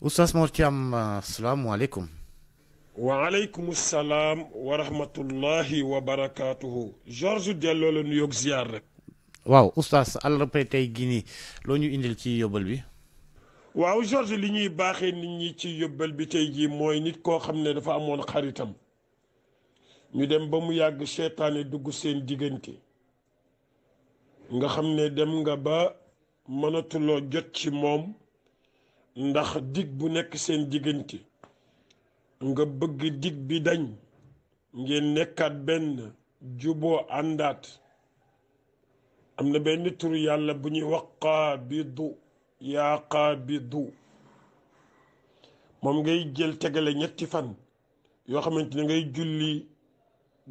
Oustaz Mor Thiam asalaamualeykum. waaleykum salaam wa rahmatullahi wa barakaatuhu. Georges Diallo la nuyoog ziar rek. waaw Oustaz àllarba tey gii nii loo ñu indil ci yóbbal bi. waaw Georges li ñuy baaxee nit ñi ci yóbbal bi tey jii mooy nit koo xam ne dafa amoon xaritam. ñu dem ba mu yàgg seetaane dugg seen diggante. nga xam ne dem nga ba mënatuloo jot ci moom. ndax dig bu nekk seen diggante nga bëgg dig bi dañ ngeen nekkaat benn juboo àndaat am na benn tur yàlla bu ñuy wax qaabidu yaa qaabidu moom ngay jël tegale ñetti fan yoo xamante ne ngay julli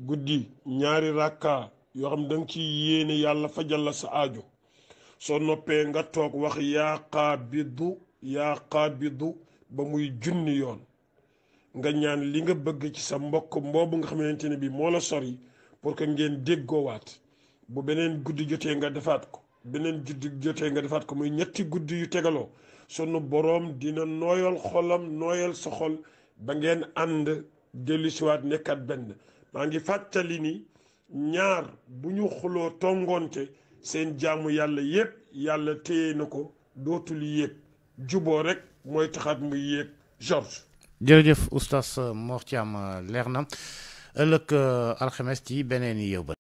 guddi ñaari rakka yoo xam ne danga ci yéene yàlla fajal la sa aajo soo noppee nga toog wax yaa qaabidu yaa xaabidu ba muy junni yoon nga ñaan li nga bëgg ci sa mbokk mboobu nga xamante ne bi moo la sori pour que ngeen déggoowaat bu beneen guddi jotee nga defaat ko beneen guddi jotee nga defaat ko muy ñetti guddi yu tegaloo sunu boroom dina nooyal xolam nooyal sa xol ba ngeen ànd dellusiwaat nekkaat benn maa ngi fàttali ni ñaar bu ñu xuloo tongoonte seen jàmm yàlla yépp yàlla téye na ko dootul yéeg juboo rek mooy taxaat muy yéeg Georges. jërëjëf oustaz Mor Thiam leer na ëllëg euh, alxames ci beneen yóbbal